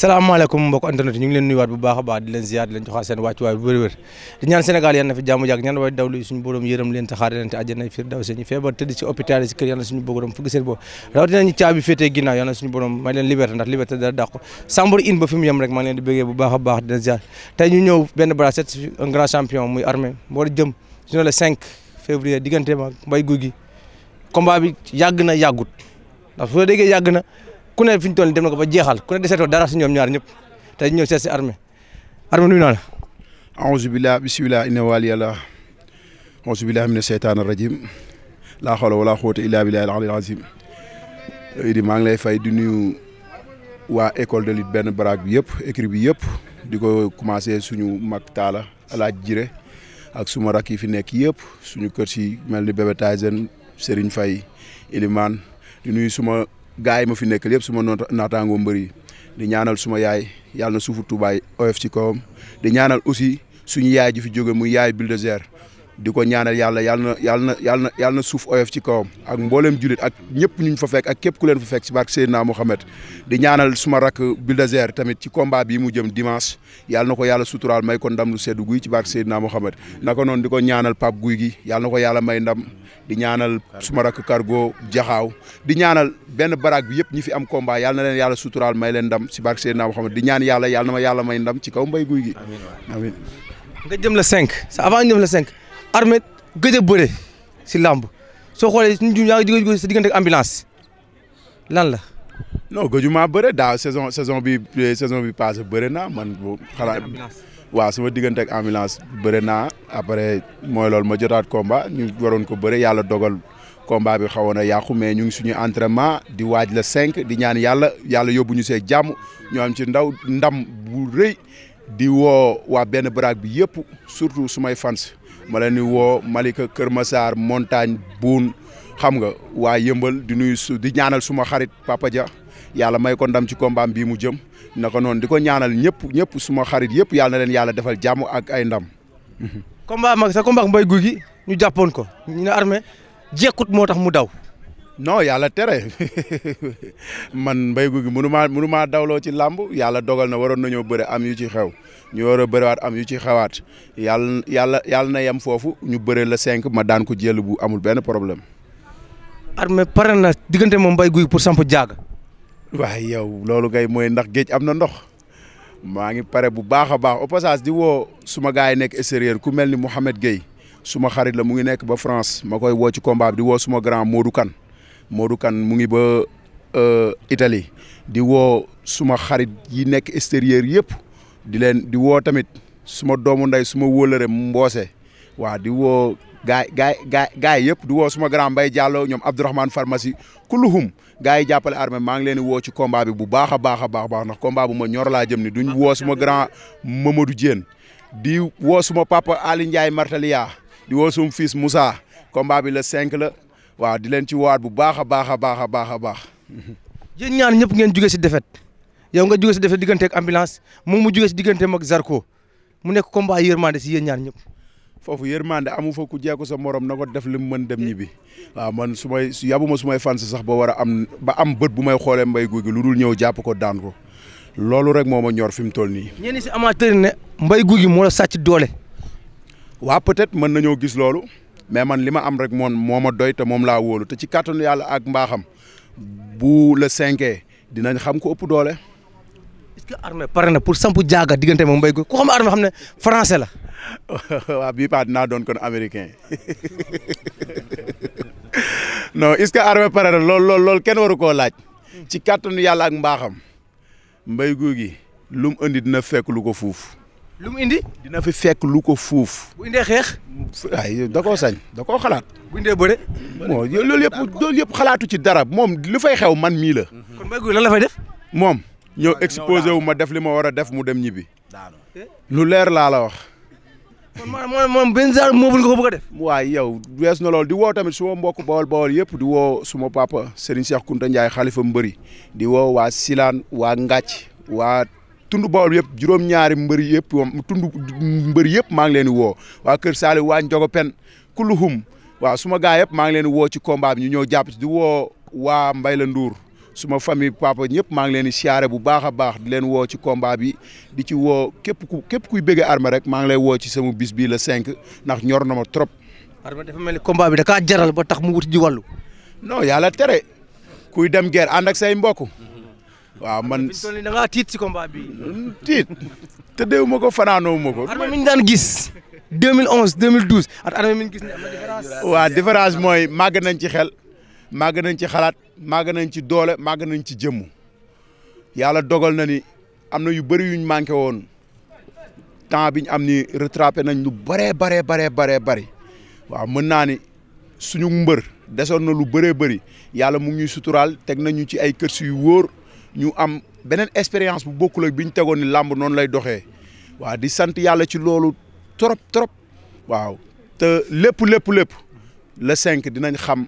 salaamaaleykum mbokk internet ñu ngi leen nuyuwaat bu baax a baax di leen ziar leen joxaat seen wàccuwaay bu wërwër di ñaan Sénégal yal na yàgg daw seen feebar tëdd si hôpital si kër yal na suñu borom fëgg seen bopp rawatina ñu caabi féetee ginnaaw yal na suñu borom may leen liberté ndax liberté dara dàq ko in ba fi mu rek maa leen di bëggee bu baax a baax di leen ziar tey ñu ñëw benn bras set un grand champion muy armé yàgg na ku ne fi ñu toll dem na ko ba jeexal ku ne deseetoo dara si ñoom ñaar ñëpp tey ñëw seet si armée armée nuyu naa la aouzu billah bismillah inna waliyallah aouzu billahi mina sheytaan rajim laa xawla wala xuwata illa billahi al aliyyil azim idi maa ngi lay fay di nuyu waa école de lutte benn baraag bi yëpp écrit bi yëpp di ko commencé suñu mag taala alaaj jire ak suma rak yi fi nekk yëpp suñu kër si mel ni bébé Tyson fay Faye Elimane suma gaa yi ma fi nekkal yëpp suma naataangoo mbër yi di ñaanal suma yaay yàlla na suufu tubaay oyof ci kawam di ñaanal aussi suñu yaay ji fi jóge muy yaay Bulldozer di ko ñaanal yàlla yàlla na yàlla na na yàlla suuf oyof ci kawam ak mboolem jullit ak ñëpp ñu fa fekk ak képp ku leen fa fekk si barke Seydina Mohamed di ñaanal suma rakk Bulldozer tamit ci combat bi mu jëm dimanche yàlla na ko yàlla sutural may ko ndam lu seddu guy ci barke Seydina Mohamed naka noon di ko ñaanal Pape Guy gi yàlla na ko yàlla may ndam di ñaanal suma rakk Cargo Jaxaaw di ñaanal benn baraag bi yëpp ñi fi am combat yàlla na leen yàlla sutural may leen ndam si barke Seydina Mohamed di yàlla yàlla ma yàlla may ndam ci kaw mbay guy gi jëm la 5 sa avant jëm la 5 Armé gëj a bëre si làmb soo xoolee suñu jum diggante ak ambulance lan la. non gëjuma bëre daaw saison saison bi saison bi passé bëre naa man bu xalaat waaw sama diggante ak ambulance bëre naa après mooy loolu ma jotaat combat ñu waroon ko bëre yàlla dogal combat bi xawoon na yàqu mais ñu ngi suñu entraînement di waaj la cinq di ñaan yàlla yàlla yóbbu ñu see jàmm ñu am ci ndaw ndam bu rëy di woo waa benn baraag bi yëpp surtout sumay fans ma leen di woo Malika Kër Massar montagne buun xam nga waa yëmbal di nuyu su di ñaanal suma xarit Papa Dia yàlla may ko ndam ci combat bii mu jëm naka noonu di ko ñaanal ñëpp ñëpp suma xarit yëpp yàlla leen yàlla defal jàmm ak ay ndam. combat mag sa combat mbay guy gi ñu jàppoon ko ñu ne armée jekkut moo tax mu daw. non yàlla tere man mbay gu gi mënu maa mënu dawloo ci làmb yàlla dogal na waroon nañoo bëre am yu ci xew ñu war a bëriwaat am yu ci xewaat yàlla yàlla yàlla na yem foofu ñu bëre la cinq ma daan ko jël bu amul benn problème. armée pare na diggante moom mbay guy pour samp jaag waaye yow loolu gay mooy ndax géej am na ndox maa ngi pare bu baax a baax au passage di woo suma gars yi nekk extérieur ku mel ni Mouhamed Gueye suma xarit la mu ngi nekk ba France ma koy woo ci combat di woo suma grand Modou Kane moo Modou kan mu ngi ba euh, itali di woo suma xarit yi nekk extérieur yëpp di leen di woo tamit suma doomu nday suma wóolëre mboose waa di woo gaay gaay gaay gaay yëpp di woo suma grand Mbaye Diallo ñoom Abdourahmane pharmacie kulluhum gaay yi jàppale armée maa ngi leen di woo ci combat bi bu baax a baax a baax baax ndax combat bu ma ñor laa jëm ni duñ woo suma grand Mamadou Diène di woo suma papa Ali Ndiaye Martalia di woo suma fils Moussa combat bi le 5 la waaw di leen ci waat bu baax a baax a baax a baax a baax. yéen ñaar ñëpp ngeen jugee si defet yow nga jugee si defet diggante ak ambulance moom mu jugee si digganteem mag Zarko mu nekk ko combat yërmande si yéen ñaan ñëpp. foofu yërmande amu fa ko jeeku sa moroom na ko def li mu mën dem ñibbi waaw man su may yabuma su may fans sax ba war a am ba am bët bu may xoolee mbay guy gi lu dul ñëw jàpp ko daan ko loolu rek moo ma ñor fi mu toll nii. ñenn si amaa amateur ne mbay gi moo la doole. waaw peut-être mën nañoo gis loolu. mais man li ma am rek moom moo ma doy te moom laa wóolu te ci kàttanu yàlla ak mbaaxam bu la cinquee dinañ xam ko ëpp doole. est-ce que armée pare na pour sampu jaaga diggante moom mbéy ko ku xam xam ne français la. bii paa dinaa doon kon américain non est-ce que armée pare na lool lool lool kenn waru koo laaj. ci kàttanu yàlla ak mbaaxam mbéy guy gi lu indi dina fekk lu ko fuuf. lu mu indi. dina fi fekk lu ko fuuf. bu indee xeex. ay da koo sañ da koo xalaat. bu indee bëre. bon loolu yëpp loolu yëpp xalaatu ci dara moom lu fay xew man mii la. kon Mbaye def. moom ñëw exposé wu ma def li ma war a def mu dem ñibbi. lu leer laa la wax. moom moom benn genre moobul nga ko bëgg a def. waaye yow wees na loolu di woo tamit suma mbokk bawol bawol yëpp di woo suma paapa Serigne Cheikh Kounta Ndiaye xalifa mbëri di woo waa Silane waa Ngàcc waa. tund Bawol yëpp juróom-ñaari mbër yëpp moom tund mbër yëpp maa ngi leen di woo waa Kër Saali waa Njogo Pen kulluhum waa suma gaa yëpp maa ngi leen woo ci combat bi ñu ñëw jàpp ci di woo waa Mbay la Nduur suma famille papa ñëpp maa ngi leen di siyaare bu baax a baax di leen woo ci combat bi di ci woo képp ku képp kuy bëgg arma rek maa ngi lay woo ci sama bis bii la cinq ndax ñor na ma trop. Armé dafa mel ni combat bi da kaa jaral ba tax mu wuti ji wàllu. non yàlla tere kuy dem guerre ànd say mbokk. waaw man fi da ngaa tiit si combat bi tiit te ko fanaanoo ma ko. armée mi ñu daan gis 2011 2012 at armée mi ñu gis ne am na différence. waaw différence mooy màgg nañ ci xel màgg nañ ci xalaat màgg nañ ci doole màgg nañ ci jëmmu yàlla dogal na ni am na yu bëri yuñ manqué woon temps biñ am ni rattrapé nañ lu bëree baree baree baree bëri waaw mën naa ni suñu mbër desoon na lu bëree bëri yàlla mu ngi ñuy suturaal teg nañu ci ay kër yu wóor. ñu am beneen expérience bu bokkul ak bi ñu tegoon ni làmb noonu lay doxee waaw di sant yàlla ci loolu trop trop waaw te lépp lépp lépp la cinq dinañ xam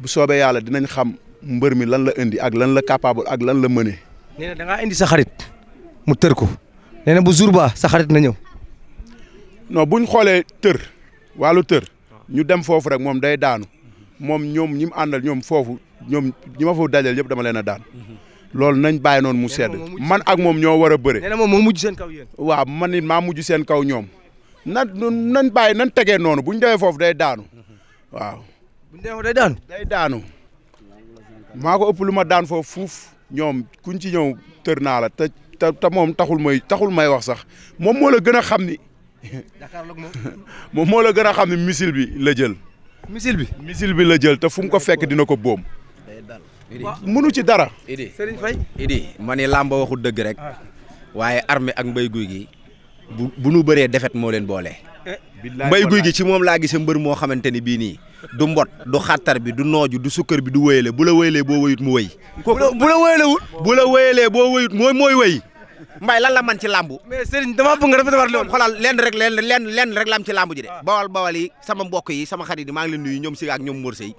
bu soobee yàlla dinañ xam mbër mi lan la indi ak lan la capable ak lan la mënee nee na indi sa xarit mu tër ko nee bu jour ba sa xarit na ñëw. non bu ñu xoolee tër wàllu tër ñu dem foofu rek moom day daanu. moom ñoom ñi mu àndal ñoom foofu ñoom ñi ma dajal yëpp dama leen a daan. loolu nañ bàyyi noonu mu sedd man ak moom ñoo war a bëre. nee moo mujj seen kaw yéen. waaw man it maa mujj seen kaw ñoom. na nan bàyyi nan tegee noonu bu ñu demee foofu day daanu. waaw. bu ñu demee maa ko ëpp lu ma daan foofu fuuf ñoom kuñ ci ñëw tër naa la te te moom taxul may taxul may wax sax moom moo la gën a xam ni. moom moo la gën a xam ni missile bi la jël. misil bi misil bi la jël te fum ko fekk dina ko boom. mënu ci dara. Idi ma ne làmba waxul dëgg rek ah. waaye arme ak mbay guy gi bu nu bëree defet moo leen boole. Eh. mbay guy gi ci moom laa gisee mbër moo xamante ni bii nii du mbot du xattar bi du nooju du sukkër bi du wéyale bu la wéyalee boo wéyut mu wéy. bu la bu bu la wéyalee boo wéyut mooy mooy wéy. mbay lan la man ci làmbu mais sëriñ dama bëgg nga rafetal loolu xoolal lenn rek lenn lenn lenn rek lam ci làmbu ji de ah. bawal bawal yi sama mbokk yi sama xarit yi maa ngi leen nuyu ñoom si ak ñoom morse yi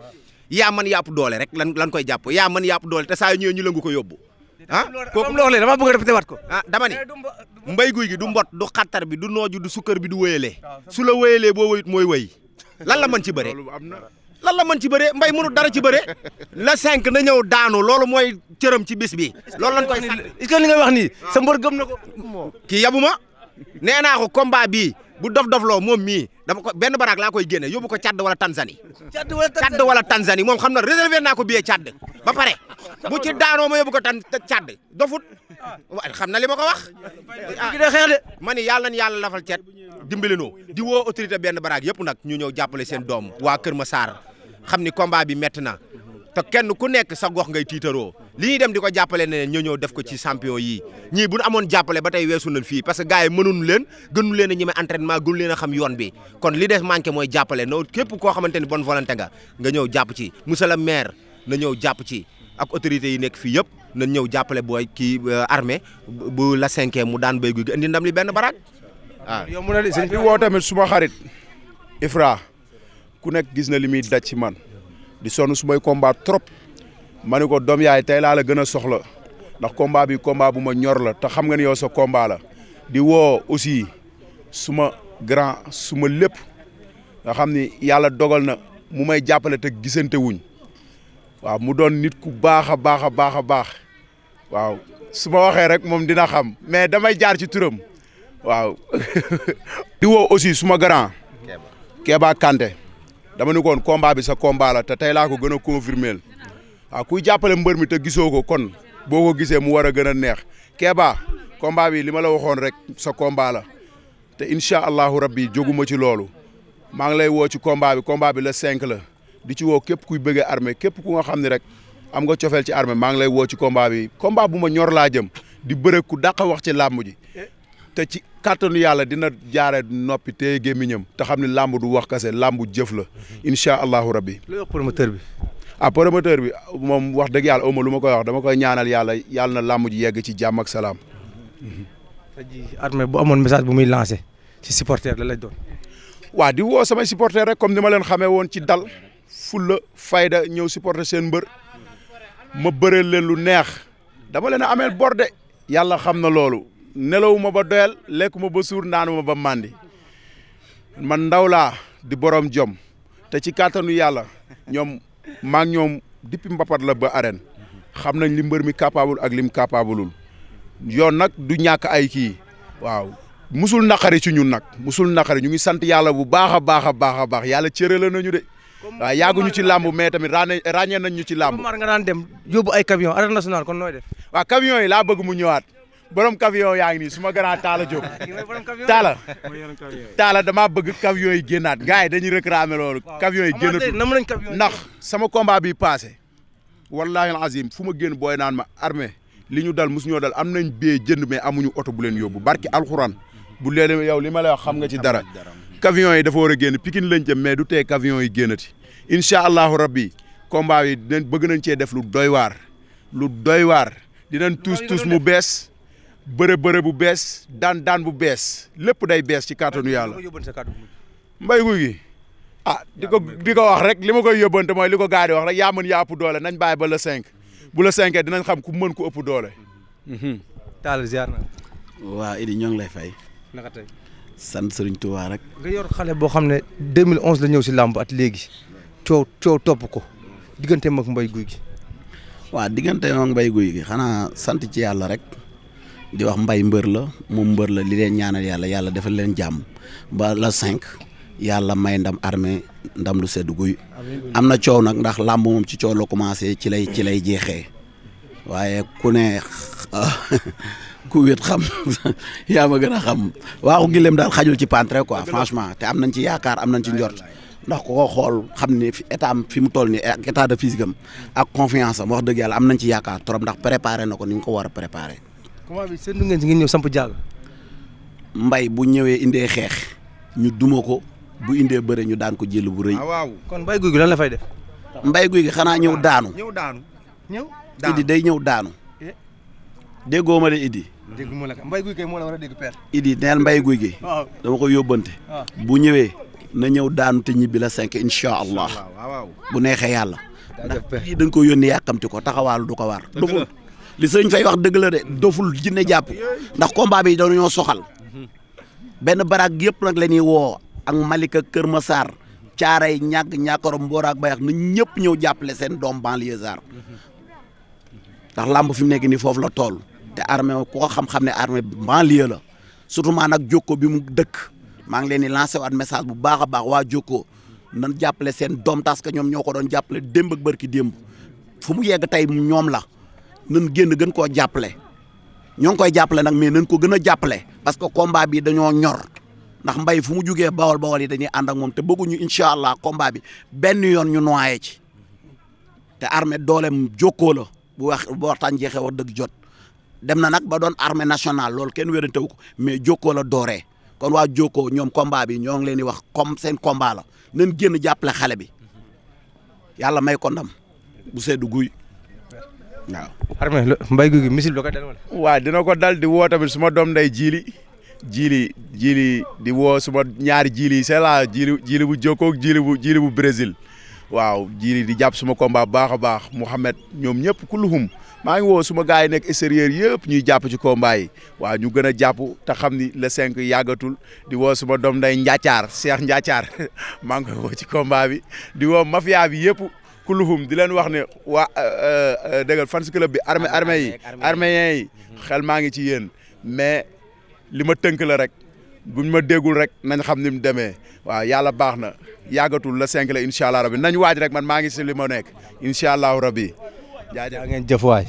yaa man yàpp doole rek lan lan koy jàpp yaa man yàpp doole te saa yu ñëwee ñu lëngu ko yóbbu ah kooku loolu dama bëgg a répété waat ko ah dama ne mbay guy gi du mbot du xattar bi du nooju du sukkër bi du wéyalee ah, su la wéyalee boo wéyut mooy wéy lan la mën ci bëre lan la mën ci bëre mbay mënu dara ci bëre la cinq na ñëw daano loolu mooy cëram ci bis bi loolu lañ koy sant est-ce li nga wax ni sa mbër gëm na ko kii yabuma nee naa ko combat bi bu dof dof loo moom mii dama ko benn baraak laa koy génne yóbbu ko Tchad wala Tanzanie Tchad wala Tanzanie moom xam na réservé naa ko billet Tchad ba pare bu ci daanoo ma yóbbu ko tan Tchad dofut xam na li ma ko wax ah, ma ni yàlla na yàlla lafal dimbalinoo di woo autorité benn baraag yëpp nag ñu ñëw jàppale seen doom waa Kër saar xam ni combat bi métti na te kenn ku nekk sa gox ngay tiitaroo li ñuy dem di ko jàppale ne ñoo ñëw def ko ci champion yi ñii bu ñu amoon jàppale ba tey weesu nañ fii parce que gars yi mënuñu leen gënu leen a ñeme entraînement gënu leen a xam yoon bi kon li des manqué mooy jàppale no képp koo xamante ni bonne volonté nga nga ñëw jàpp ci monsieur le maire na ñëw jàpp ci ak autorités yi nekk fii yëpp na ñëw jàppale booy kii euh, armée bu la cinquième mu daan béy guy indi li benn baraag ah yomb na de woo tamit suma xarit Ifra ku nekk gis na li muy ci man di sonn su may combat trop ma ne ko doom yaay tey laa la gën a soxla ndax combat bi combat bu ma ñor la te xam nga ni yow sa combat la di woo aussi suma grand suma lépp nga xam ni yàlla dogal na mu may jàppale te gisante wuñ waaw mu doon nit ku baax a baax a baax a baax waaw su ma waxee rek moom dina xam mais damay jaar ci turam waaw di woo aussi suma grand Kéba Kanté dama ni koon combat bi sa combat te tey laa ko gën a confirmer waaw kuy jàppale mbër mi te gisoo ko kon boo ko gisee mu war a gën a neex Kéba combat bi li ma la waxoon rek sa combat la te incha allahu rabbi jóguma ci loolu maa ngi lay woo ci combat bi combat bi la cinq la di ci woo képp kuy bëggee armée képp ku nga xam ni rek am nga cofeel ci armée maa ngi lay woo ci combat bi combat bu ma ñor laa jëm di bëre ku dàq wax ci làmb ji te ci kàttanu yàlla dina jaare noppi téye gémmiñam te xam ne làmb du wax kase làmb jëf la incha allahu rabbi lu bi ah promoteur bi moom wax dëgg yàlla lu ma koy wax dama koy ñaanal yàlla yàlla na làmb ji yegg ci jàmm ak salaam ji ma boo amoon message bu muy lancé ci supporter la lay doon waa di woo samay supporter rek comme ni ma leen xamee woon ci dal fulla fayda ñëw supporter seen mbër ma bëreel leen lu neex dama leen a ameel borde yàlla xam na loolu ma ba doyal lekkuma ba suur ma ba màndi man ndaw laa di borom jom te ci kàttanu yàlla ñoom maa ngi ñoom depuis mbapat la ba arène xam nañ li mbër mi capable ak lim capableul yoon nag du ñàkk ay kii waaw musul naqari ci ñun nag musul naqari ñu ngi sant yàlla bu baax a baax a baax a baax yàlla cërale nañu de waaw ñu ci làmb mais tamit ràññee nañ ñu ci làmb. nga daan dem yóbbu ay camion arène nationale kon nooy def. waaw camion yi laa bëgg mu ñëwaat. borom camion yaa ngi nii suma ma taala Talla Diop ah, taala Talla damaa bëgg camion yi génnaat gars yi dañuy réclamer loolu camion yi génnatul ndax sama combat bi passé wallahi alazim fu ma génn booy naan ma armée li ñu dal mosu ñoo dal am nañ bee jënd mais amuñu oto bu leen yóbbu barki alxuraan bu leen yow li ma la wax xam nga ci dara camion yi dafa war a génn Pikine lañ jëm mais du tee camion yi génnati incha allahu rabbi combat yi dinañ bëgg nañ cee def lu doy waar lu doy waar dinañ tuus mu bees bëre bëre bu bees daan daan bu bees lépp day bees ci kàttanu yàlla. mbay guy gi ah di ko di ko wax rek li ma koy yóbbante mooy li ko gaa di wax rek yaa mën yaa ëpp doole nañ bàyyi ba le cinq bu le cinq dinañ xam ku mën ku ëpp doole. Mhm. Talla ziar na. waa Idi ñoo ngi lay fay. naka tey. sant Serigne Touba rek. nga yor xale boo xam ne 2011 la ñëw si làmb at léegi coow coow topp ko diggante mag mbay guy gi. waa diggante mag mbay guy gi xanaa sant ci yàlla rek. di wax mbay mbër la moom mbër la li leen ñaanal yàlla yàlla defal leen jàmm ba la cinq yàlla may ndam armée ndam lu sedd guy am na coow nag ndax làmb moom ci coow la commencé ci lay ci lay jeexee waaye ku ne ku wét xam yaa ma gën a xam waaxu gileem daal xajul ci pantre quoi franchement te am nañ ci yaakaar am nañ ci njort ndax ku ko xool xam ni état am fi mu toll nii ak état de physique am ak confiance am wax dëgg yàlla am nañ ci yaakaar trop ndax préparé na ko ni ñu ko war a préparé comment bi seen ngeen si ngeen ñëw samp jaal. mbay bu ñëwee indee xeex ñu duma ko bu indee bëre ñu daan ko jël bu rëy. Ah, kon mbay guy gi lan la fay def. mbay guy xanaa ñëw daanu. ñëw daanu ñëw daanu idi day ñëw daanu. Eh? déggoo ma de idi. dégg mu la ka mbay guy idi neel mbay guy gi. dama ko yóbbante. Ah. bu ñëwee na ñëw daanu te ñibbi la cinq incha allah. bu neexee yàlla. ndax dañ ko yónni yàkkamti ko taxawaalu du ko waar. li sëñ fay wax dëgg la de doful jinne jàpp ndax combat bi dañoo soxal benn baraag yëpp nag la ñuy woo ak Malika Kër Massar caaray ñàkk ñàkkorom mbooraak bayax na ñëpp ñëw jàppale seen doom banlieusard ndax làmb fi mu nekk nii foofu la tool te armée ku ko ne armée banlieue la surtout maa nag Jokko bi mu dëkk maa ngi leen di lancé waat message bu baax a baax waa Jokko nan jàppale seen doom tas ka ñoom ñoo ko doon jàppale démb ak barki démb fu mu yegg tey ñoom la nan génn gën koo jàppale ñoo ngi koy jàppale nag mais nañ ko gën a jàppale parce que komba bi dañoo ñor ndax mbay fu mu jugee bawal bawol yi dañuy ànd ak moom te bëgguñu incha allah combat bi benn yoon ñu noyé ci te armée dooleem jokoolo bu wax bu waxtaan jeexee dëgg jot dem na nag ba doon armée nationale loolu kenn wérantewu ko mais jokoolo la kon waa jokkoo ñoom combat bi ñoo ngi leen di wax comme seen combat la nañ génn jàppale xale bi yàlla may ko ndam bu seddu guy waaw. armée mbay gu gi missile da ko dina ko dal di woo tamit suma doom nday jiili jiili jiili di woo suma ñaari jiili c'est là jiili jiili bu jokkoo jiili bu jiili bu Brésil waaw jiili di jàpp suma combat baax a baax Mouhamed ñoom ñëpp kulluhum maa ngi woo suma gars yi nekk extérieur yëpp ñuy jàpp ci combat yi waaw ñu gën a jàpp te xam ni le cinq yàggatul di woo suma doom day njaacaar Cheikh njaacaar maa ngi koy woo ci combat bi di woo mafia bi yëpp. kulluhum di leen wax ne waa euh, euh, dëggal fans club bi armée armée yi arméen yi mhm. xel maa ngi ci yéen mais li ma tënk rek buñ ma déggul rek nañ xam ni mu demee waaw yàlla baax na yàggatul la cinq la incha allah rabi nañ waaj rek man maa ngi si li ma nekk incha allahu rabi jaajëf ngeen jëf waay